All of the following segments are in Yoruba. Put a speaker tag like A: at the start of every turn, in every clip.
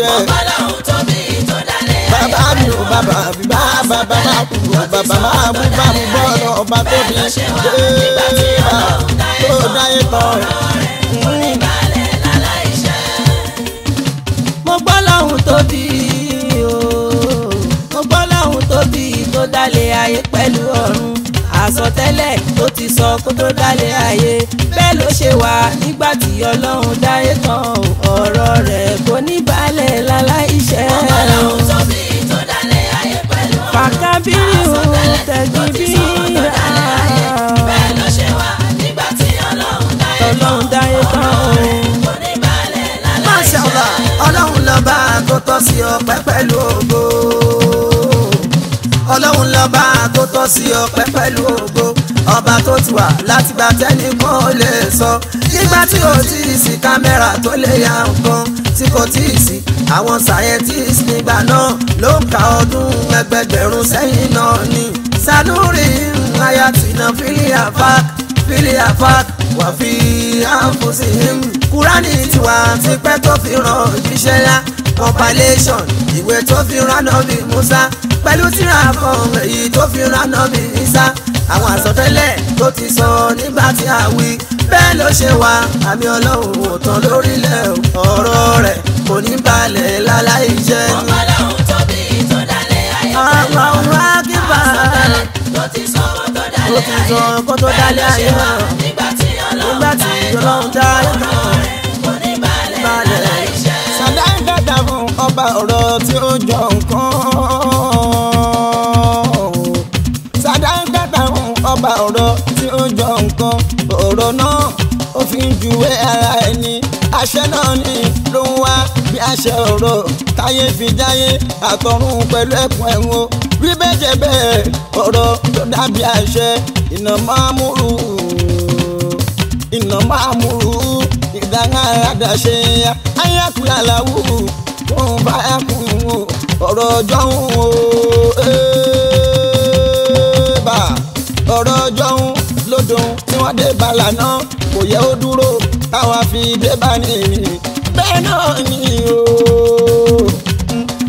A: ṣe. bàbá làwọn tó bí tó dalẹ̀ ayé. bàbá mi ò bàbá mi bá bàbá má kú ò bàbá má kú bá mi bọ́ọ̀lù ọba tó bí. ṣé bàbá tó dáyé tán. mo
B: gbọ́ làwọn tó bí mo gbọ́ làwọn tó bí tó dalẹ̀ ayé pẹ̀lú ọ̀run àsọtẹ́lẹ̀ tó ti sọ kó tó dalẹ̀ ayé wa nígbà tí ọlọ́run dáyé tán ọ̀rọ̀ rẹ̀ kò ní balẹ̀ láláìṣẹ́. ọmọ làwọn tó bí tó dalẹ̀ ayé pẹ̀lú ọ̀run. fàkàbírù tẹ̀gbìn bí bẹ́ẹ̀ ló ṣe wà nígbà tí ọlọ́run dáyé tán ọ̀rọ̀ rẹ̀ kò ní balẹ̀ láláìṣẹ́. Masha Allah ọlọ́run lọ́ba tó tọ́ sí ọpẹ́ pẹ̀lú ògo ọlọ́run lọ́ba tó tọ́ sí ọpẹ́ pẹ̀lú ògo ọba tó ti wà látìgbà tẹ́ni kan ò lè sọ nígbà tí ò tí ì sí kámẹ́rà tó lè ya nǹkan tí kò tí ì sí àwọn scientist nígbà náà ló ń ka ọdún ẹgbẹgbẹ̀rún sẹ́yìn náà ni Sanuri ayatina filia fak filia fak wà fi àǹfọ̀sìn kúránì tiwa tipẹ́ tó fi ràn jíṣẹ́ yá compilation ìwé tó fi rán nọ́ọ̀bì Musa pẹ̀lú tíra fún èyí tó fi rán nọ́ọ̀bì Isa àwọn àsọtẹ́lẹ̀ tó ti sọ nígbà tí a wí bẹ́ẹ̀ ló ṣe wá àmì ọlọ́run ò tán lórílẹ̀ ọ̀rọ̀ rẹ̀ kò ní balẹ̀ láláì jẹ́. ọmọ ọlọ́run tóbi tó dalẹ̀ ayé pẹ̀lú ọ̀rọ̀ àsọtẹ́lẹ̀ tó ti sọ kó tó dalẹ̀ ayé náà nígbà tí ọlọ́run dá
A: ọ̀rọ̀ rẹ̀ kò ní balẹ̀ láláì jẹ́. sàdáńgá dàrú ọba ọ̀rọ̀ tí ó jọ òun. ọ̀rọ̀ tí ó jọ nǹkan ọ̀rọ̀ náà ó fi ń juwé ara ẹni àṣẹ náà ni ló ń wá bí àṣẹ ọ̀rọ̀ táyé fi jáyé àtọ̀run pẹ̀lú ẹ̀kún ẹ̀wọ̀n rí bẹ́jẹ̀ bẹ́ẹ̀ ọ̀rọ̀ tó dàbí àṣẹ iná máa múrù iná máa múrù ìdáná àdáṣe ayákùnrin aláwù tó bá ẹkùn ọ̀rọ̀ ọjọ́ ń wò ó ọ̀rọ̀ jọ̀hún lódùn tí wọ́n dé balà náà kò yẹ ó dúró táwọn afi dé bá ní ìrìn bẹ́ẹ̀ náà ni o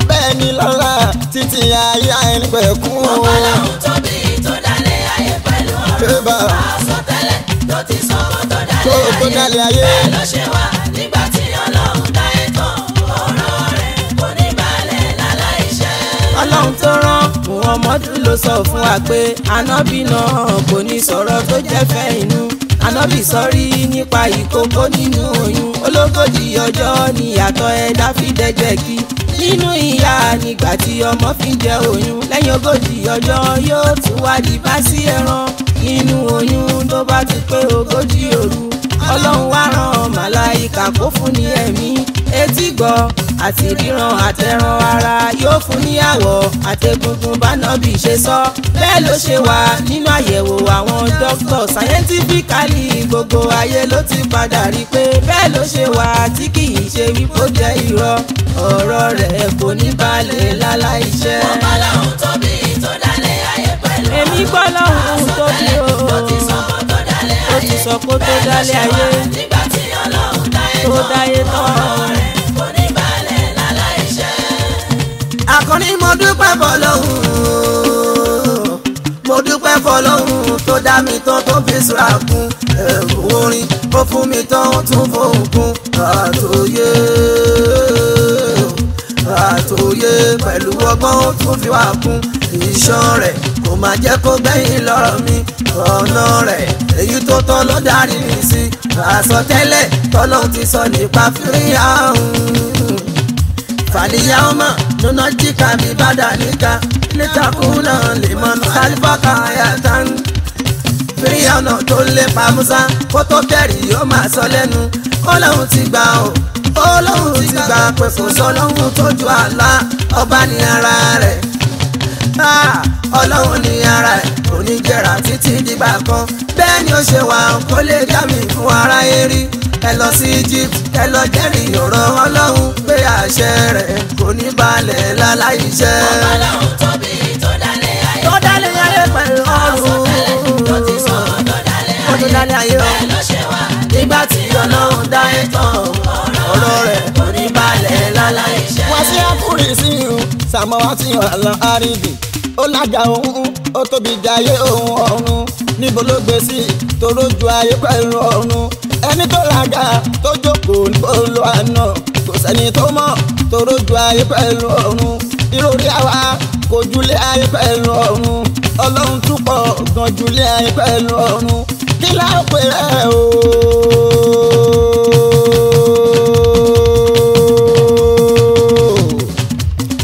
A: bẹ́ẹ̀ ni lọ́la títí ayé ẹni pẹ̀kún o. ọba làwọn tóbi tó dalẹ̀ ayé pẹ̀lú ọ̀rọ̀ àsọtẹ́lẹ̀ ló ti sọ ọmọ tó dalẹ̀ ayé bẹ́ẹ̀ ló ṣe wá nígbà tí ọlọ́run dá ẹ̀tàn ọ̀rọ̀
B: rẹ̀ kò ní balẹ̀ láláìṣẹ́. ọlọ́run tó rán muhammadu ló sọ fún wa pé anábì náà kò ní sọ̀rọ̀ tó jẹ́ fẹ́ inú anábì sọrí nípa ìkókó nínú oyún ológójì ọjọ́ ni ìyàtọ̀ ẹ̀dá fi dẹ́jẹ̀ kí nínú ìyá nígbà tí ọmọ fi ń jẹ oyún lẹ́yìn ogójì ọjọ́ yóò tún wá di bá sí ẹran nínú oyún tó bá ti pé ogójì òru ọlọ́run wá rán màláìkà kó fún ní ẹ̀mí etí gbọ́ àti ríran àtẹran ara yóò fún ní àwọ̀ àtẹ̀gùngùn bánàbì ṣe sọ bẹ́ẹ̀ ló ṣe wà nínú àyẹ̀wò àwọn dókítà scientifically gbogbo ayé ló ti padà rí i pé bẹ́ẹ̀ ló ṣe wà tí kì í ṣe wípé ó jẹ́ irọ́ ọ̀rọ̀ rẹ̀ kò ní balẹ̀ láláìṣẹ́. wọ́n bá láwọn tóbi tó dálé ayé pẹ̀lú ọ̀rọ̀ èmi gbọ́ láwọn tóbi o ó ti sọ kó tó dálé ayé bẹ́ẹ̀ ló ṣe wà nígbà tí ọlọ́run dáyé tán ọ̀rọ̀ rẹ̀. kan ní mo dúpẹ́ fọlọ́hún mo dúpẹ́ fọlọ́hún tó dá mi tán tó fi sùúrà kún orin ó fún mi tán ó tún fóun kún àtòyé àtòyé pẹ̀lú ọgbọ́n ó tún fi wá kún iṣan rẹ̀ kò máa jẹ́ kó gbẹ̀yìn lọ́rọ̀ mi ọ̀nà rẹ̀ èyí tó tọ́ ló darí mi sí àsọtẹ́lẹ̀ tọ́lọ́ ti sọ nípa fírí àrùn fàníyà ọmọ jóná jíkà mi bàdà níkà níta kú náà lè mọ sálífàkà ayáta ń. fíríyànà tó lè pa musa kó tó bẹ̀rì yóò máa sọ lẹ́nu ọlọ́run ti gbà ọ́ ọlọ́run ti gbà pé ah, e. kò sọlọ́run tó ju àlá ọba ní ara rẹ̀ ọlọ́run ní ara ẹ̀ kò títí dìgbà kan bẹ́ẹ̀ ni ṣe wà kó lè dá mi fún aráyé rí ẹ lọ sí Egypt ẹ lọ jẹ́rìí ọ̀rọ̀ Ọlọ́run pé àṣẹ rẹ̀ kò ní balẹ̀ láláìṣẹ. ọba làwọn tóbi tó dálé ayé tó dálé ayé pẹ̀lú ọ̀run tó ti sọ tó dálé ayé bẹ́ẹ̀ ló ṣe wá
A: nígbà tí Ọlọ́run dá ẹ̀ tán ọ̀rọ̀ rẹ̀ kò ní balẹ̀ láláìṣẹ. wá sí àfúrésì o sàmọ́wá ti hàn án lọ àrídì ó lájà òun ó tóbi jayé òun ọ̀run níbo ló gbé sí torójú ayé pẹ̀lú ọ̀run ẹni tó làgà tó jókòó níbo ló àná kò sẹ́ni tó mọ̀ torójú ayé pẹ̀lú ọ̀run ìròrí àwa kò júlé ayé pẹ̀lú ọ̀run ọlọ́run túpọ̀ gan júlé ayé pẹ̀lú ọ̀run kí láàpẹ rẹ o.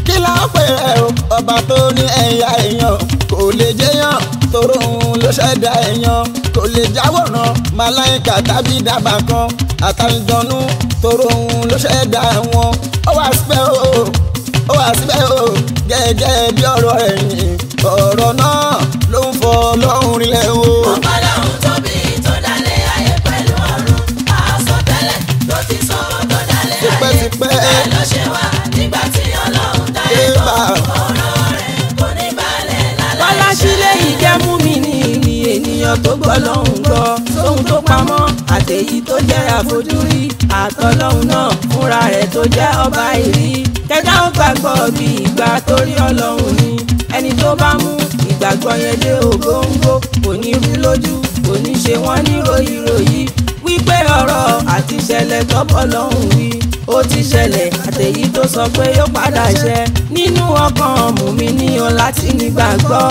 A: kí láàpẹ rẹ o ọba tó ní ẹ̀yà ṣẹ̀dá èèyàn kò lè jáwòrán màláìka tàbí dàbà kan àtàlùjọ́nù tóró òun ló ṣẹ̀dá wọn ó wà síbẹ̀ o ó wà síbẹ̀ o gẹ́gẹ́ bí ọ̀rọ̀ ẹ̀yìn ọ̀rọ̀ náà ló ń fọ lọ́hùn rinlẹ̀ o. ọba lọ́hùn tóbi tó dalẹ̀ ayé pẹ̀lú ṣe wà
B: nígbà tí ọlọ́run dá ẹ̀kọ́. èèyàn tó gbọ́ lọ́hùn gbọ́ sóhun tó pamọ́ àtèyí tó jẹ́ àfojúrí àtọ́lọ́hùn náà fúnra rẹ̀ tó jẹ́ ọba ìrí kẹjá ó gbàgbọ́ bí ìgbà torí ọlọ́hùn ni ẹni tó bá mú ìgbàgbọ́ yẹn dé ògóńgó kò ní rú lójú kò ní ṣe wọ́n ní ròyìnròyìn wípé ọ̀rọ̀ àti tọ́pọ̀ lọ́hùn wí ó ti ṣẹlẹ̀ àtẹ̀yí tó sọ pé yóò padà ṣẹ nínú ọkàn mùmí níyan láti nígbàgbọ́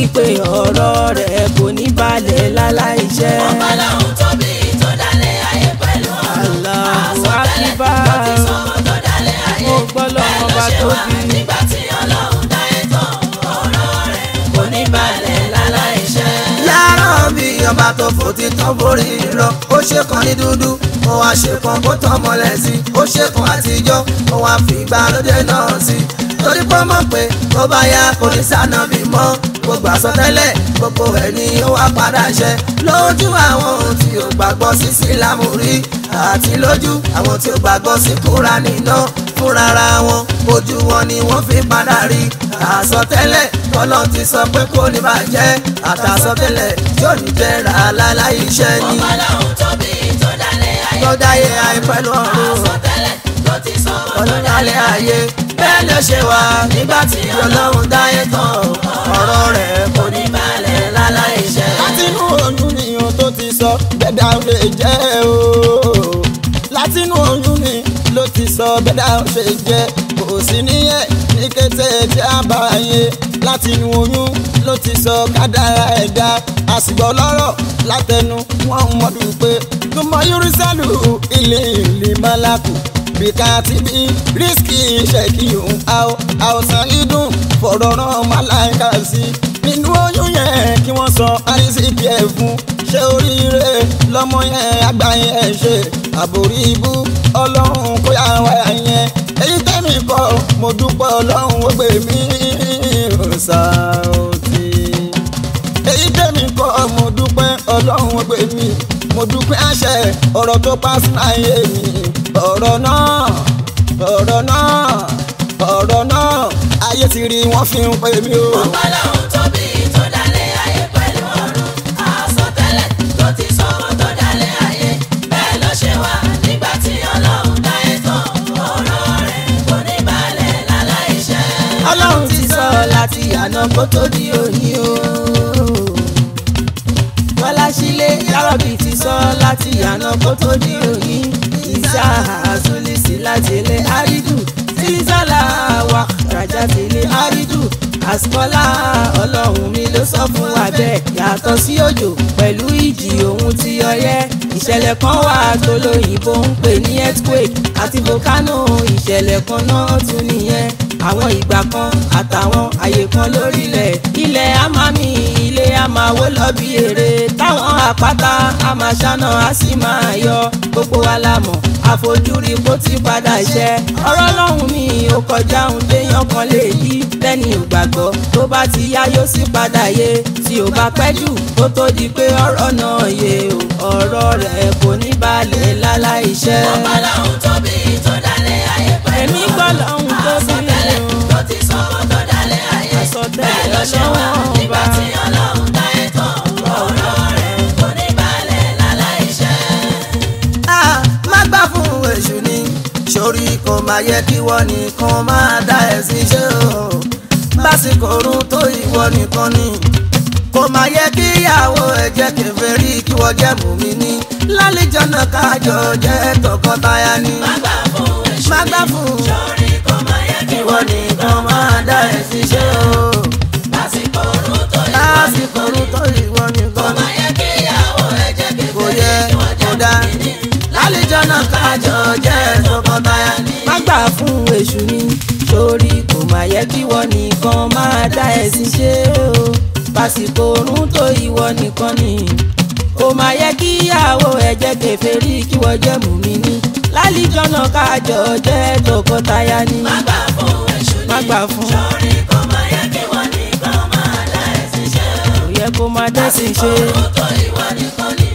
B: wípé ọ̀rọ̀ rẹ̀ kò ní balẹ̀ láláì jẹ́. ọba làwọn tóbi tó dálé ayé pẹ̀lú ọ̀rọ̀ àsọtẹ́lẹ̀ ló ti sọ ohun tó dálé ayé bẹ́ẹ̀ ló ṣe wá nígbà tí ọlọ́run dá ètò ọ̀rọ̀ rẹ̀ kò ní balẹ̀ láláì jẹ́. láàárọ̀ bí ọba tó fò ti tán borí lọ ó ṣe kan ní dúdú ó wá ṣe kan kó tán mọ́lẹ̀ ó ṣe kan àtijọ́ ó wá fi ìgbàlódé náà sí torí pọ́ mọ̀ pé ó bá yá kò ní sànà bí mọ́ gbogbo àsọtẹ́lẹ̀ gbogbo ẹ̀ ni ó wá padà ṣẹ lójú àwọn tí ò gbàgbọ́ sí sílámù rí àti lójú àwọn tí ò gbàgbọ́ sí Kùránì náà fúnrara wọn ojú wọn ni wọ́n fi padà rí àsọtẹ́lẹ̀ Ọlọ́run ti sọ pé kó ní bàjẹ́ àtàsọtẹ́lẹ̀ yóò ní jẹ́ra aláìṣẹ́ ni. ọmọ aláwọ̀ tóbi tó dálé ayé pẹ̀lú ọ̀run tó ti sọ ọdún lálẹ́ ayé bẹ́ẹ̀ ló ṣe wà nígbà tí ọlọ́run dáyé tán ọ̀rọ̀ rẹ̀ kò ní balẹ̀ láláìṣẹ́. látinú
A: oyún ni ohun tó ti sọ bẹ́ẹ̀dá ò lè jẹ́ o látinú oyún ni ló ti sọ bẹ́ẹ̀dá ò lè jẹ́ kò sí níyẹn ní kété tí a bá yé látinú oyún ló ti sọ kádàrá ẹ̀dá àsìgbọ́ lọ́rọ̀ látẹnu wọn mọ̀dù pé tó yorùsálù ilé ìlú malaku bìkà ti bí rísíkì ṣèkì òun àwọ àwòsàn dídùn fọ̀rọ̀ ràn málàíkà sí nínú oyún yẹn kí wọ́n sọ àrísìkì ẹ̀ fún ṣé oríire lọ́mọ yẹn àgbà yẹn ṣe àbòrí ibú ọlọ́run kó yà wá yẹn èyí tẹ́mi kọ́ mo dúpọ̀ ọlọ́run ó gbè mí ìrọ̀sà òtí èyí tẹ́mi kọ́ mo dúpẹ́ ọlọ́run ó gbè mí mo dúpẹ́ àṣẹ ọ̀rọ̀ tó pa sínú ayé mi ọ̀rọ̀ náà ọ̀rọ̀ náà ọ̀rọ̀ náà ayé ti rí wọ́n fi ń pè mí o. wọ́n bá lọ́hùn tóbi tó dalẹ̀ ayé pẹ̀lú ọ̀run àsọtẹ́lẹ̀ tó ti sọ ohun tó
B: dalẹ̀ ayé bẹ́ẹ̀ ló ṣe wà nígbà tí ọlọ́run ti sọ láti àná kó tó di òní o. Bobby ti sọ láti àná kó tó di òní ìsá àzúlísì láti ilé àrídù sílísàlà wà ràjà ti ilé àrídù àsìkọ́lá ọlọ́run mi ló sọ fún wa bẹ́ẹ̀ yàtọ̀ sí òjò pẹ̀lú ìjì ohun tí ọyẹ́ ìṣẹ̀lẹ̀ kan wà tó lóyìnbó ń pè ní earthquake àti volcano ìṣẹ̀lẹ̀ kan náà tún nìyẹn àwọn ìgbà kan àtàwọn àyè kan lórílẹ̀ ilẹ̀ á máa mì ilé á máa wó lọ bí eré àpáta a máa ṣáná a sì máa yọ gbogbo wa la àfojúrí bó ti padà ṣẹ ọ̀rọ̀ lọ́hùn mi ò kọjá ohun téèyàn kan lè yí lẹ́ni ò gbàgbọ́ tó bá ti yá yóò sì padà yé tí ò bá pẹ́ jù kó tó di pé ọ̀rọ̀ náà yé o ọ̀rọ̀ rẹ̀ kò ní balẹ̀ láláìṣẹ́. ọba lọ́hùn tóbi tó dálẹ̀ ayé pẹ̀lú èmi gbọ́ lọ́hùn tóbi tó ti sọ tó dálẹ̀ ayé bẹ́ẹ̀ lọ́ṣẹ́ wa nígbà tí ọlọ́ má yẹ kí wọ́n nìkan máa dá ẹ̀sìn ṣe o lásìkò oorun tó ìwọ nìkan ni kò má yẹ kí ìyàwó ẹ jẹ́ kèfèrí kí wọ́n jẹ́ mùmínì lálejò náà kájọ jẹ́ tọkọtaya ni má gbà fún un sọ́ọ́rí kò má yẹ kí wọ́n nìkan máa dá ẹ̀sìn ṣe o. da ẹ̀sìn ṣe o pàṣípò oorun tó ìwọ nìkan ni ó máa yẹ kíyàwó ẹ̀jẹ̀ kèfèrí kí wọ́n jẹ́ mùmínì lálìjọ́ náà kájọ jẹ́ tọkọtaya ni má gbà fún ẹ̀ṣọ́ ni sọ́ọ́rí kan máa yẹ kí wọ́n nìkan máa dá ẹ̀sìn ṣe o kò yẹ kó máa dẹ́sìn ṣe pàṣípò oorun tó ìwọ nìkan ni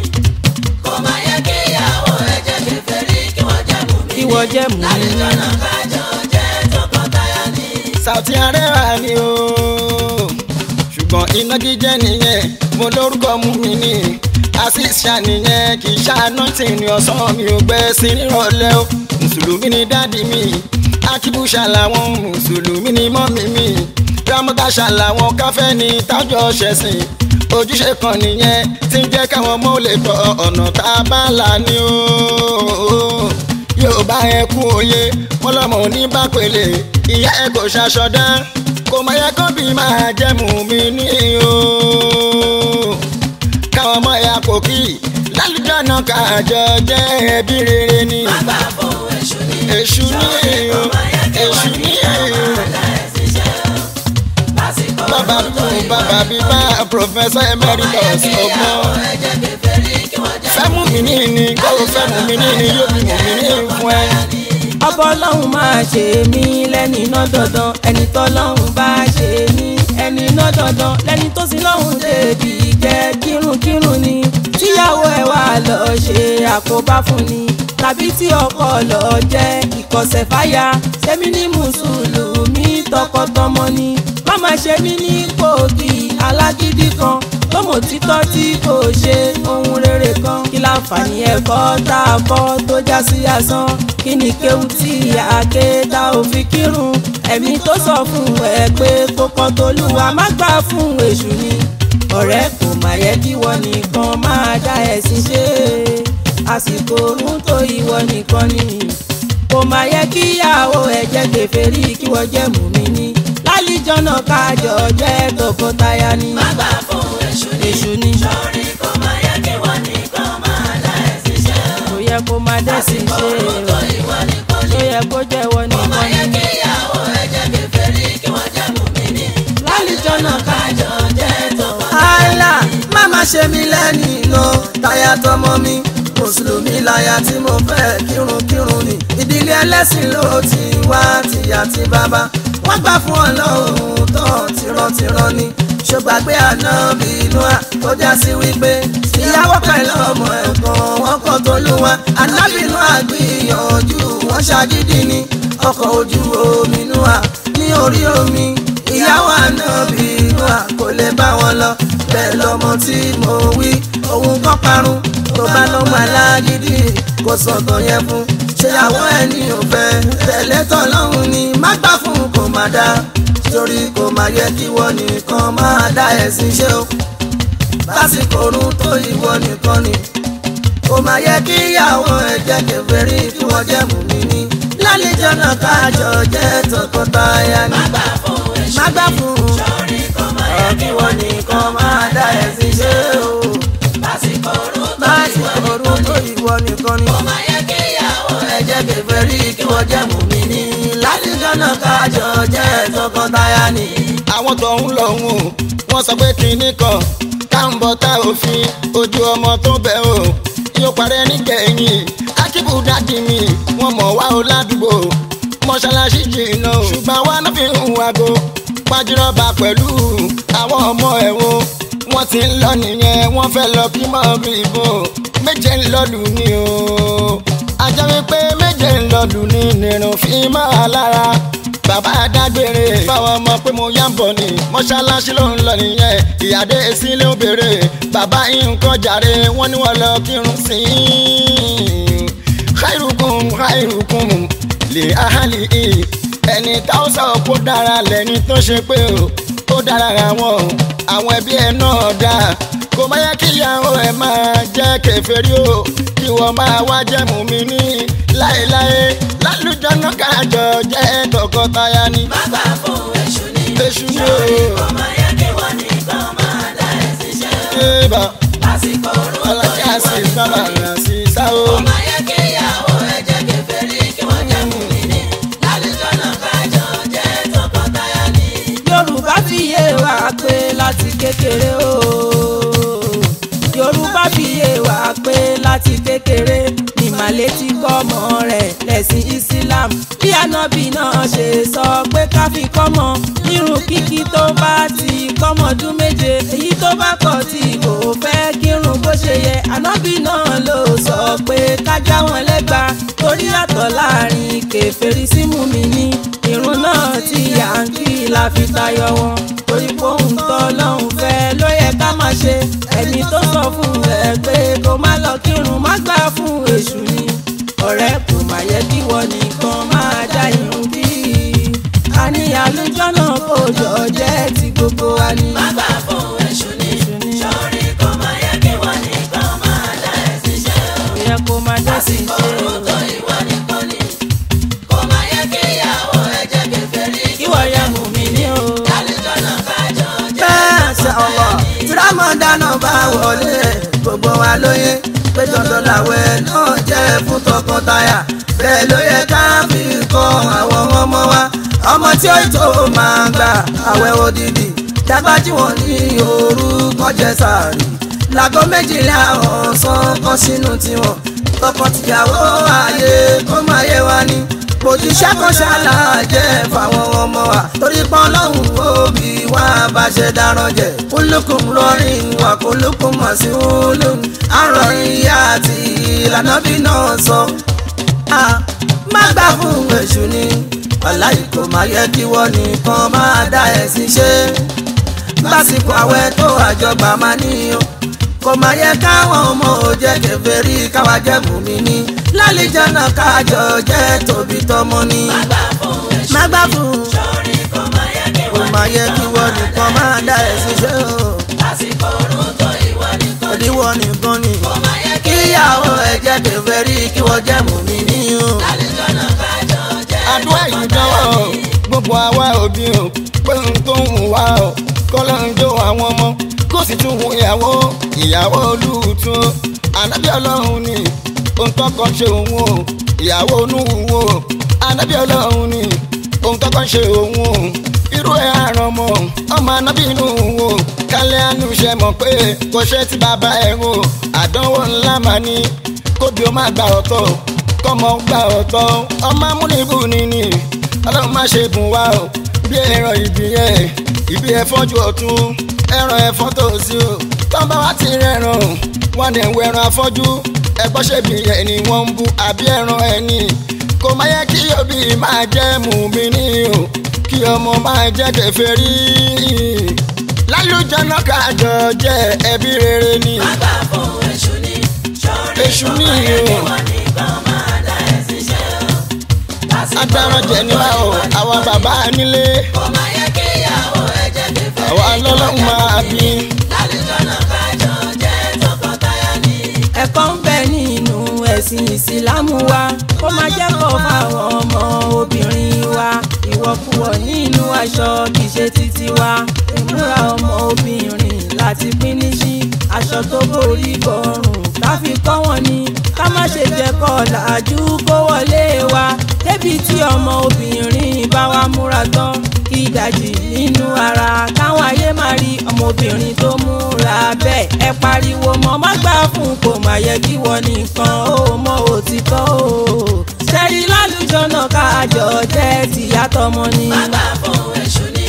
A: kò máa yẹ kíyàwó ẹ̀jẹ̀ kèfèrí kí wọ́n jẹ́ mùmínì lálìjọ́ náà kájọ. Saoty Arewa ni o ṣùgbọ́n ìnagijẹ nìyẹn mo lórúkọ mú mi ní àṣìṣà nìyẹn kì í ṣàánú tì ní ọ̀sán mi ò gbẹ sí nírọ̀lẹ́ o mùsùlùmí ni dáàdi mi akíbùṣà làwọn mùsùlùmí ni mọ́mí mi ramọ́tàṣà làwọn káfẹ́ ni tájọ́ ṣẹ̀sìn ojúṣe kan nìyẹn tí ń jẹ́ káwọn ọmọ lè tọ ọ̀nà tá a bá là ní o tí ò bá ẹ kú òye wọn lọmọ ò ní bá pèlè ìyá ẹ kò ṣaṣọdá kò má yẹ kó bí máa jẹmú mi ní o. káwọn ọmọ ya kò kí lálùjọ náà kájọ jẹ ẹbí rere ni. bàbá bò èṣù ní èṣù ní èyàn èṣù ní èyàn bàbá kú bàbá bíbá professor emeritus ọgbọ́n fẹ́ mú mi ní ni kó o fẹ́ mú mi ní ni yóò fi mú mi ní fún ẹ. ọba ọlọ́run máa
B: ṣe mí lẹ́ni iná dandan ẹni tọ́lọ́run bá ṣe mí ẹni iná dandan lẹ́ni tó sin lọ́hùn débi jẹ́ kírunkírun ni tíyàwó ẹ̀ wà lọ ṣe àkóbá fún ni tàbí tí ọkọ lọ jẹ́ ìkọ̀sẹ̀ fáyà ṣẹ́mi ní mùsùlùmí tọkọtọmọ ni má má ṣe mí ní kòkì alágídí kan tọmọ títọ́ tí kò ṣe ohun rere kan kí láǹfààní ẹ̀kọ́ tá a kọ́ tó já sí asán kí ni kéwù tí àáké tá ò fi kírun ẹ̀mí tó sọ fún ẹ pé kókó tolúwa má gbà fún èṣù ni ọ̀rẹ́ kò má yẹ kí wọ́n nìkan máa dá ẹ̀sìn ṣe àsìkò oorun tó ìwọ nìkan ni kò má yẹ kí ìyàwó ẹ jẹ́ kèfèrí kí wọ́n jẹ́ mùmíní lálìjọ́nà kájọ jẹ́ tọkọtaya ni. má gbà fún ẹ èṣù ni. sórí kò máa yẹ kí wọ́n nìkan máa láìsí ṣe o. kò yẹ kó máa dẹ́sí ṣe o. àsìkò orúkọ ìwọ ní pọ́lì. kò yẹ kó jẹ́ ìwọ ní kò máa yẹ kí ìyàwó ẹ jẹ́ kí fèrè kí wọ́n jẹ́ mùmíní. lálejò náà kájọ jẹ́ tó bá àìlà má má ṣe mí lẹ́nu ìlò táyà tọmọ mi mùsùlùmí láya tí mo fẹ́ kírunkírun ni ìdílé ẹlẹ́sìn ló ti wá tìyá ti bàbá wọ́n gbà fún ọlọ́run tán tìrọ̀tìrọ̀ ni ṣògbàgbé àná bí Nóà tó já sí wípé ìyàwó pẹ̀lú ọmọ ẹ̀kan wọn kọ́ tó lù wá Ànábì Nóà gbìyànjú wọn ṣàdídì ní ọkọ̀ ojú omi Nóà ní orí omi ìyàwó àná bí Nóà kò lè bá wọn lọ bẹ́ẹ̀ lọmọ tí mo wí òun kọ́ parun tó bá lọ́mọ alágídí kò sọ̀tàn yẹn fún ṣé àwọn ẹni ò fẹ́ tẹ̀lé tọ́lọ́run ni má gbà fún kò má dáa torí kò máa yẹ kí wọ́n nìkan máa dá ẹ̀sìn ṣe o lásìkò oorun tó ìwọ nìkan ni kò máa yẹ kí ìyàwó ẹ̀jẹ̀ kèfèrí kí wọ́n jẹ́ mùmíní lálejò náà kájọ jẹ́ tọkọtaya ni má gbà fún un ọ̀kí wọ́n nìkan máa dá ẹ̀sìn ṣe o lásìkò oorun tó ìwọ nìkan ni kò máa yẹ kí ìyàwó ẹ̀jẹ̀ kèfèrí kí wọ́n jẹ́ mùmíní
A: kájọ jẹ́ tọkọtaya ni. àwọn tọ̀hún lọ́hùn wọ́n sọ pé kinní kan táǹbọ̀tá òfin ojú ọmọ tó bẹ̀ o yóò parẹ́ níkẹyìn akíbù dájú mi wọ́n mọ̀ wá o ládùúgbò mọ́ṣáláṣí jìnnà ṣùgbọ́n wa náà fi ń wago pàjùrọ̀bà pẹ̀lú àwọn ọmọ ẹ̀wọ̀n wọ́n ti ń lọ nìyẹn wọ́n fẹ́ lọ kí mọ́ méje ń lọ́lù ni o jẹ́ wípé méje ń lọ́dún ní nírun fi máa lára bàbá dágbére fáwọn ọmọ pé mo yá ń bọ̀ ni mọ́ṣáláṣí ló ń lọ nìyẹn ìyáde èsì ló ń béèrè bàbá nǹkan jàre wọ́n ní wọ́n lọ kírun sí i. khairukum khairukum lè ahali i ẹni táwọn sọ̀rọ̀ kó dára lẹ́ni tó ṣe pé ó dára àwọn àwọn ẹbí ẹ náà dáa kò má yẹ kí ìyàwó ẹ máa jẹ́ kèfèrí o kí wọ́n máa wá jẹ́ mùmínì láéláé lálùjọ náà kájọ jẹ́ tọkọtaya ni. má fún èṣù ni èṣù ni o yẹ kí wọ́n ní gbọ́n máa láì síṣẹ́ o àsìkò orúkọ ìwọ ni ní.
B: láti kékeré o Yorùbá fìyè wá pé láti kékeré ni màlẹ́ ti kọ́ ọmọ rẹ̀ lẹ́sìn Islam bí ànábì náà ṣe sọ pé ká fi kọ́mọ nírun kíkí tó bá ti kọ́mọdún méje èyí tó bá kọ̀ tí kò fẹ́ kírun bó ṣe yẹ ànábì náà ló sọ pé ká já wọn lẹ́gba torí àtọ̀ láàrin kèfèrí sí mùmínì ìrun náà tí à kí la fi tayọ wọn torí pé ṣe ẹni tó sọ fún ẹ pé kó má lọ kírun má gbà fún èṣù ni ọ̀rẹ́ kò má yẹ kí wọ́n nìkan máa dá irun bí i àní àlùjọ náà kò jọjọ. wọlé gbogbo wa lóye pé dandan làwẹ̀ náà jẹ́ fún tọkọtaya bẹ́ẹ̀ ló yẹ ká fi kọ́ àwọn ọmọ wa ọmọ tí ó tó máa gbà àwẹ̀ odidi dágbájú wọn ní orúkọ jẹ sàárì láago méjìlá ọ̀sán kan sínú tiwọn tọkọtìyàwó ayé kó máa yé wa ní òjíṣẹ́ kan ṣàlàjẹ́ fáwọn ọmọ wa torí pọ́n lọ́hùn òbí wa bá ṣe dáràn jẹ kúlùkùn rọrin wà kúlùkùn mọ̀ sí wúlù àrọ̀rin ìyá àti ìlànà bí náà sọ. má gbà fún èṣù ni wàláì kò yẹ kí wọ́n nìkan máa dá ẹ̀sìn ṣe lásìkò àwẹ̀ tó àjọgbà máa níyàn kò má yẹ káwọn ọmọ òjẹ́ kẹfẹ́ rí káwa jẹ́ mùmí ní lálejò náà kájọ jẹ́ tòbí tọmọ ni. má gbà fún un sórí kò máa yẹ kí wọ́n nìkan máa dá ẹ̀ ṣiṣẹ́ o. àsìkò oorun tó ìwọ nìkan ni. ìwọ nìkan ni. kò máa yẹ kí ìyàwó
A: ẹ jẹ́ bèbè rí kí wọ́n jẹ́ mú mi ní o. lálejò náà kájọ jẹ́ àdúrà yìí dánwò gbogbo àwa òbí o pé n tó ń wá o kọ́lá ń jó àwọn ọmọ kó sì tún ìyàwó ìyàwó olùtún ànábì ọlọ́run ni ohun tọkọ ṣe òun o ìyàwó onúhùn o anábì ọlọ́run ni ohun tọkọ ṣe òun o irú ẹ̀ àràn mọ́ ọmọ anábì inú o kálẹ̀ àánú ṣe mọ̀ pé kò ṣe ti bàbá ẹ̀ o àdánwò ńlá màá ní kóbi ó má gbà ọ̀tọ̀ kọ́mọ gbà ọ̀tọ̀ ọmọ amúnibù ni ni ọlọ́run má ṣe bùn wá o bí ẹ̀rọ ìbí ẹ̀ ìbí ẹ̀ fọ́jú ọ̀tún ẹ̀rọ ẹ̀fọ́ tòsí o tọ́ba wá ti rẹ̀ràn wọn ni ẹ̀wọ̀ ẹ̀rọ afọ́jú ẹgbọ́n ṣèbí ẹni wọ́n ń bú àbí ẹran ẹni kò má yẹ kí òbí máa jẹ́ mùmíní o kí ọmọ máa jẹ́ kèfèrí lálùjọ́nà kájọ jẹ́ ẹbí rere ni. bàbá fún èṣù ni èṣù ni o. adarán jẹ níwá o àwọn bàbá nílé. kò má yẹ kí ìyàwó ẹ̀jẹ̀ fífẹ́. àwa lọ́lọ́run máa bí. lálùjọ́nà kájọ jẹ́ tọkọtaya ni. ẹ̀kọ́ ń bẹ
B: ẹ̀sìn ìsìlámù wa kó má jẹ́ kó fáwọn ọmọ obìnrin wa ìwọ̀kuwọ̀ nínú aṣọ kìí ṣe títí wa ìmúra ọmọ obìnrin láti pín níṣí aṣọ tó borí bọrùn káfí kọ́ wọn ni ká má ṣe jẹ́ kó làjú kó wọlé wa débi tí ọmọ obìnrin bá wa múra tán kí ìdajì nínú ara ọmọbìnrin tó múra bẹ́ẹ̀ ẹ pariwo mọ́ má gbà fún kò má yẹ kí wọ́n nìkan ó mọ òtítọ́ o. sẹ́rí lálùjọ náà káàjọ jẹ́ tìyá tọmọ ni. má gbà fún èṣù ni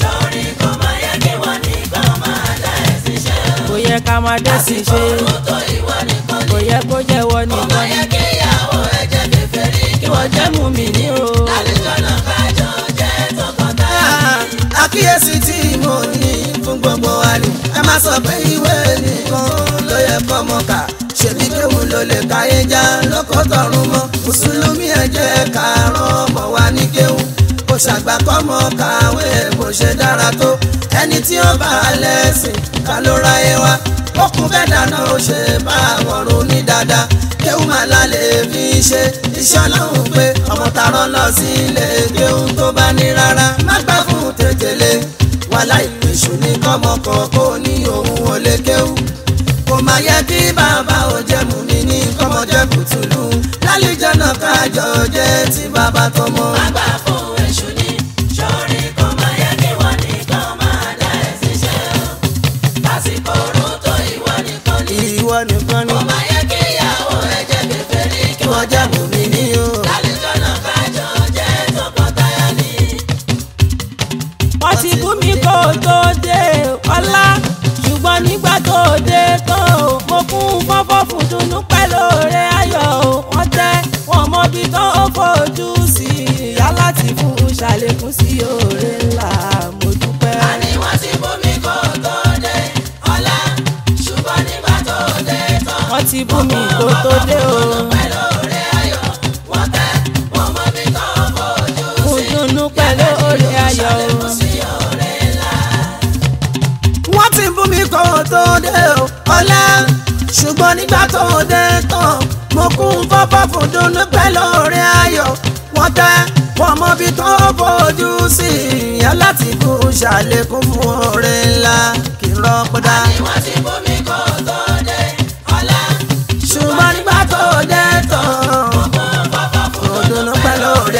B: sọ́ọ́rí kò má yẹ kí wọ́n nìkan máa dá ẹ̀sìn ṣe o. kò yẹ ká máa dẹ́sìn ṣe. àsìkò òun tó ìwọ nìkan ni. kò yẹ kó jẹ́ wọ nìkan ni. kò má yẹ kí ìyàwó ẹ jẹ́ fífẹ́ rí. kí wọ́n jẹ́ mú mi ní o. lálùjọ náà káàjọ jẹ́ tọkọtaya. Ah, àkíyèsí tí mo ní máa sọ pé ìwé nìkan ló yẹ kọ́mọ kà ṣèbí kéwù ló lè káyé já lọ́kọ́ tọ̀run mọ́ mùsùlùmí ẹ jẹ́ ká rán ọmọ wa ní kéwù kò ṣàgbà kọ́mọ kàwé kò ṣe dára tó ẹni tí ó bá lẹ́sìn ká ló ráyé wá ó kún bẹ́ẹ̀ dáná ó ṣe bá àwọn ronú dáadáa kéwù máa lálẹ́ fi ṣe iṣẹ́ ọlọ́run pé ọmọ tààrọ́ lọ sí kéwù tó bá ní rárá má gbà fún kọ́mọ kan kó ní òun wọlé kéwú kò má yẹ kí bàbá ò jẹ́ mú mi ní kọ́mọ jẹ́ kùtùlù lálejò náà kájọ jẹ́ tí bàbá tọmọ. àgbà fọ sí òòrè ńlá mo dúpẹ́. a ní wọ́n ti bú mi kó tó dé ọlá ṣùgbọ́n nígbà tó dé tán. mi kó tó dé o. mo dunnú pẹ̀lú òòrè ayọ̀ o. wọ́n ti bú mi kó tó dé o ọlá ṣùgbọ́n kún fọ́fọ́ fún dunnú pẹ̀lú òòrè ayọ̀ wọ́n tẹ́ sí ìyá láti kú ṣàlékún fún oore ńlá kì í rọpọdá. àníwọ̀n ti kú mi kó tó dé ọ̀la. ṣùgbọ́n nígbà tó dé tán. ọkọ̀ bàbá fún òdùnnú pẹ̀lú nǹkan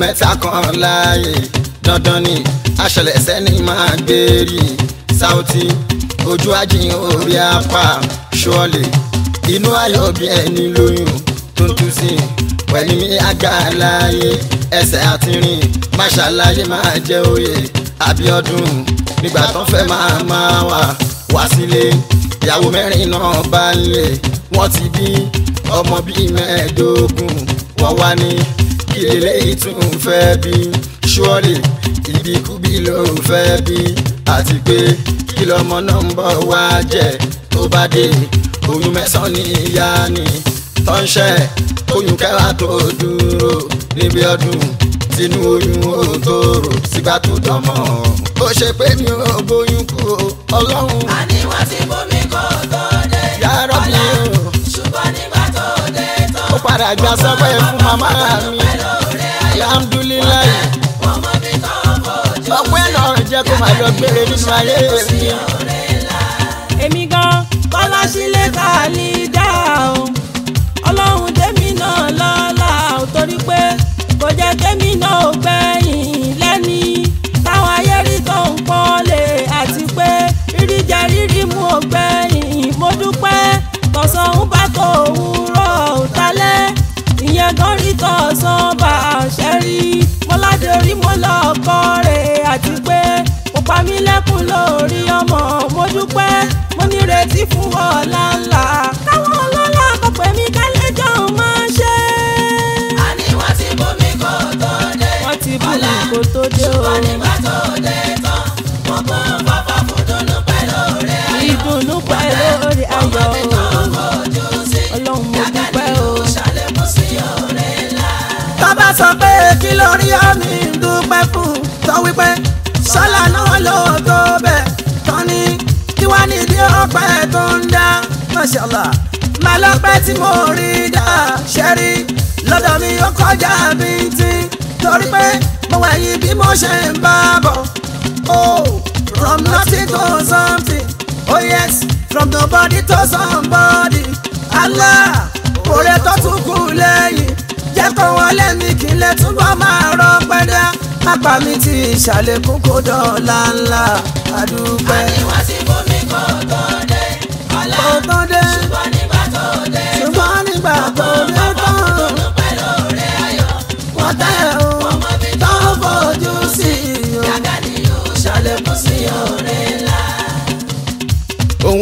A: mẹ́ta kan láàyè dandan ni aṣọlẹ̀ sẹ́ni máa gbé rí Sauty ojú ajín orí apá surely inú ayọ̀ bí ẹni lóyún tó sí i pẹ̀lú mi àgbà láàyè ẹsẹ̀ àti rìn má ṣàlàyé máa jẹ́ òye Abíọ́dún nígbà tán fẹ́ máa máa wà wá sílé ìyàwó mẹ́rin náà bá lè wọ́n ti bí ọmọ bíi mẹ́ẹ̀ẹ́dógún wọ́n wá ní kí eléyìí tún fẹ́ bí surely ibikúbi ló ń fẹ́ bí àti pé kí lọmọ náà ń bọ̀ wá jẹ́ tó bá dé oyún mẹ́sàn-án ní ni tọ́ńṣẹ́ oyún kẹwàá tó dúró níbi ọdún tinú oyún ó tóró sígbà tó dánmọ́ ó ṣe pé mi ò bóyún kú ọlọ́run. àní sí bómi kó tó dé yàrá mi ò ṣùgbọ́n nígbà tó dé tán. ó padà gbà sọ́pẹ́ fún màmá mi alhamdulilayi ọpẹ́ náà jẹ́ kó máa lọ gbére nínú ayé mi
B: sílé ká ní dá o ọlọ́run tèmi náà lọ́la ò torí pé kò jẹ́ tèmi náà ò gbẹ̀yìn lẹ́ni táwọn ayé rí tó ń pọ́nlé àti pé rírí jẹ rírí mú ò gbẹ̀yìn mo dúpẹ́ tọ̀sán ń bá tó òwúrọ̀ òtálẹ́ ìyẹn gan rí tọ̀sán bá ṣẹ́ rí mọ́ládé orí mọ́ lọ́kọ́ rẹ̀ àti pé ó pa mí lẹ́kùn lórí ọmọ mo dúpẹ́ nírètí fún ọ̀la ńlá. káwọn ọlọ́lá kò pè mí kálẹ́jọ́ máa ṣe. a ní wọ́n ti bú mi kó tó dé. wọ́n ti bú mi kó tó dé o. ṣùgbọ́n nígbà tó dé tán mo kó fọ́fọ́ fún dùnnú pẹ̀lú orí ayọ̀. ìdùnnú pẹ̀lú orí ayọ̀. ọmọ mi kàn fojú sí. ọlọ́run mo dúpẹ́ o. sọ wípé sọ́lá tó ń dá mashallah màá lọ́pẹ́ tí mo rí dá ṣẹ́rí lọ́dọ̀ mi ó kọjá bíntín torí pé mo wà yí bí mo ṣe ń bá bọ̀ o oh, from nothing to something oh yes from nobody to somebody Allah òrè tó tún kù lẹ́yìn jẹ́ kó wọlé mi kí n lè túbọ̀ máa rọ pẹ́dá apá mi ti ṣàlékún kó dọ̀ọ́ ńláńlá àdúgbò. àníwá ti bọ́ tó dé. ṣùgbọ́n nígbà tó dé. ṣùgbọ́n nígbà tó dé tán. ọmọ pẹ̀lú rẹ̀ ayọ̀. wọ́n tẹ́ o. ọmọ mi tó fojú sí i o. yàgá ni yóò
A: ṣàlékún sí ohun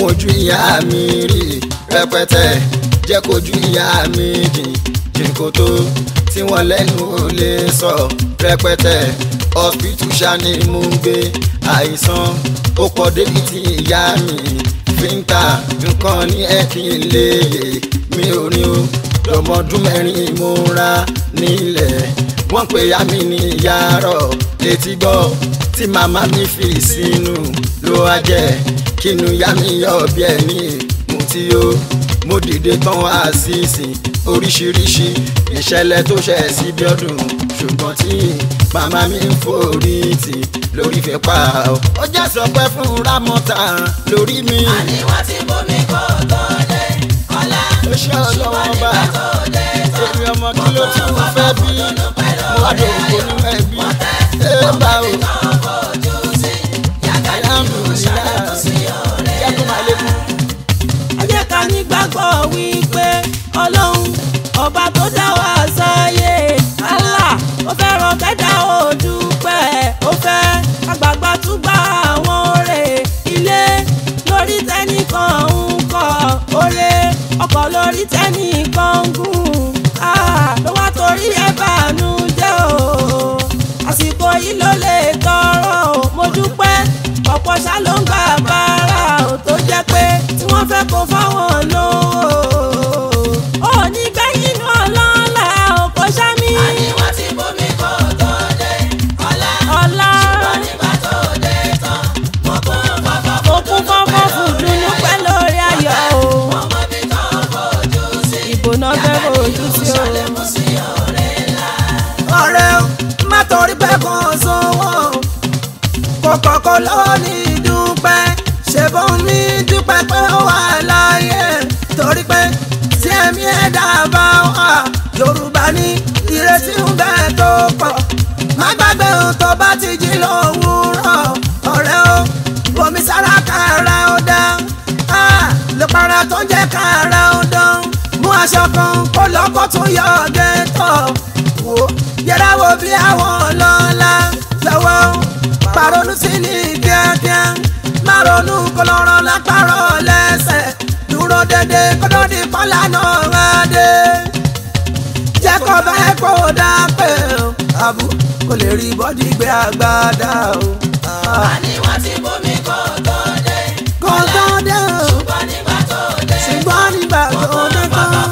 A: ojú ìyá mi rí rẹpẹtẹ jẹ́ kojú ìyá mi jìn jìn kó tó tí wọ́n lẹ́nu ò lè sọ rẹpẹtẹ hospital ṣá ni mo ń gbé àìsàn ó pọ̀ débi tí ìyá mi píńtà nǹkan ní ẹ̀sìn léyè mi ò ní o lọ́mọdún mẹ́rin mo ra nílẹ̀ wọ́n pe ya mi ní yàrá létí gbọ́ tí màmá mi fi sínú ló wá jẹ́ kínú ya mi yọ bí ẹni mo ti yó mo dìde tán àṣìṣe oríṣiríṣi ìṣẹ̀lẹ̀ tó ṣẹ̀ sí ọdún ṣùgbọ́n tí màmá mi ń forí tì lórí fẹ́ pa ọ́ ó jẹ́ sọpẹ́ fún ramọ́ta lórí mi. àní ti bomi kó tó dé ọlá ṣùgbọ́n nígbà tó dé èmi ọmọ kí ló tún fẹ́ bí mo wá dòwò nínú ẹbí ẹ bá o.
B: torí tẹ́ni gbọ̀ngùn ah, ló wá torí ẹ bànú jẹ́ o àsìkò yìí ló lè tọrọ o mo dúpẹ́ ọ̀pọ̀ ṣá ló ń gbà gbàgbé ohun tó bá ti jí lówùúrọ̀ ọ̀rẹ́ o bomi sára kára ó dán lùpàrà tó ń jẹ́ kára ó dán mú aṣọ kan kó lọ́kọ́ tún yọ gẹ́tọ̀ wò yẹra wo bí àwọn ọlọ́lá lọ́wọ́ pàrọ̀nù sí ní kíákíá má ronú kọlọ́rọ̀ lápárọ̀ lẹ́sẹ̀ dúró dédé kọ́dọ̀ ní kọ́lá náà. kò lè rí bọ́dí gbé agbádá o. a ní wọ́n ti bomi kó tó dé. kó tó dé o. ṣùgbọ́n nígbà tó dé. ṣùgbọ́n nígbà tó dé tán.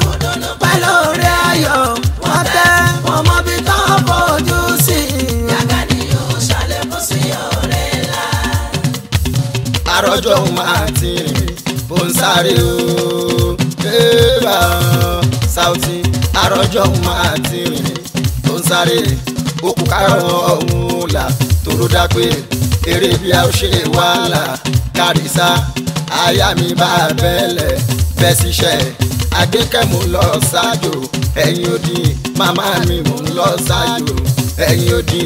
B: pẹ̀lú orí ayọ̀ wọ́n tẹ́ ọmọ bí tán fojú sí. yàgá ni yóò ṣàlékún sí
A: ọ̀rẹ́ ńlá. àròjọ máa ti rìn bó ń sáré o. Sauty àròjọ máa ti rìn bó ó kù káwọn ọ̀hún là tóró dá pé eré bí a ó ṣe wá là kárìsá aya mi bá a bẹ́lẹ̀ bẹ́ síṣẹ́ agbẹ́kẹ̀mú lọ ṣáájò ẹ̀yin odi màmá mi mò ń lọ ṣáájò ẹ̀yin odi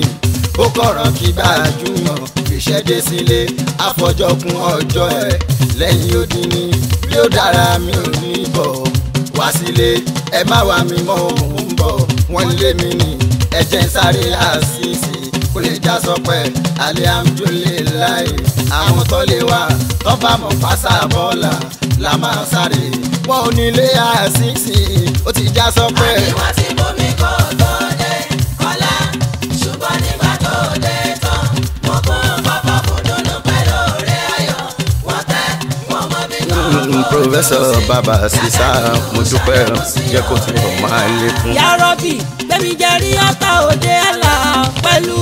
A: ó kọ̀ràn kí gbàjúmọ̀ ìṣẹ́dé sílé àfọjọ́kun ọjọ́ ẹ̀ lẹ́yìn odi ni bí ó dára mi ò ní bọ̀ wá sílé ẹ má wá mi mọ́ òun bọ̀ wọ́n lé mi nìyí ẹ̀jẹ̀ ń sáré àṣìṣe kò lè já sọpẹ́ alihamudulilayi àwọn tó lè wà tó mọ̀ fásá bọ́ọ̀là la máa sáré wọn ò nílé àṣìṣe ó ti já sọpẹ́. àdéhùn ti bomi kọ́ tó dé kọ́lá ṣùgbọ́n nígbà tó dé tán
B: mo kún fọ́fọ́ fún dunu pẹ̀lú rẹ̀ ayọ̀ wọ́n tẹ́ wọ́n mọ́ bí
A: náà. pòfẹ́sọ̀ bàbá sísá mo dúpẹ́ jẹ́ kó tún bọ̀ máa lékún. yàrá
B: bíi tẹ́mi jẹ́ rí ọ̀tá òde àlà pẹ̀lú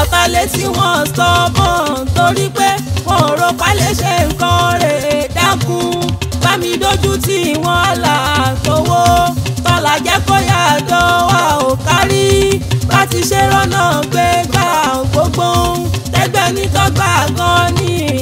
B: ọ̀tá létí wọn sọ bọ̀ torí pé wọn ò ro pálẹ́ṣẹ̀ nǹkan rẹ̀ dákun bá mi dójú tì wọ́n àlà tọ́lá jẹ́ kó yàtọ̀ wà ó kárí bá ti ṣe rọ́nà gbé gbà gbogbo tẹ́gbẹ́ ní tọ́gbà gan ni.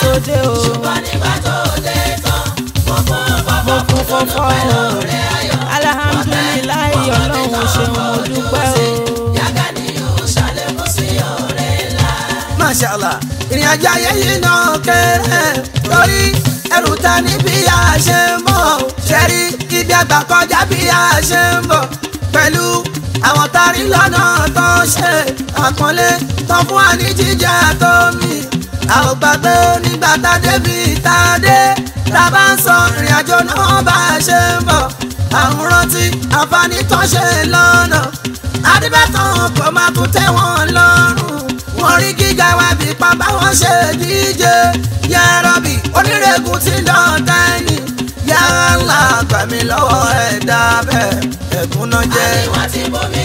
B: tó dé o. ṣùgbọ́n nígbà tó dé tán mo fún fọ́fọ́ fún fọ́fọ́ o. alihamudulilayi ọlọ́run ṣeun mo dúpẹ́ o. yàgá ni o ìrìn àjò ayé náà kéré torí ẹrù ta ní bí a ṣe ń bọ̀ ṣẹ́rí ibi àgbà kọjá bí a ṣe ń bọ̀ pẹ̀lú àwọn tá lọ́nà tó ṣe àpọ́nlé tó fún wa ní a ò gbàgbé nígbà tádé fi tádé tá a bá ń sọ ìrìn àjò náà bá a ṣe ń bọ̀ àwọn rántí àǹfààní tó ṣe lọ́nà adébátan kò máa kú tẹ́ wọn lọ́rùn wọn rí gíga wa bí pàbá wọn ṣe díje yá rọ́bì onírègùn tí lọ tẹ́ni yá ńlá gbàmí lọ́wọ́ ẹ̀dá bẹ́ẹ̀ ẹ̀gúnná jẹ́. àríwá ti bomi.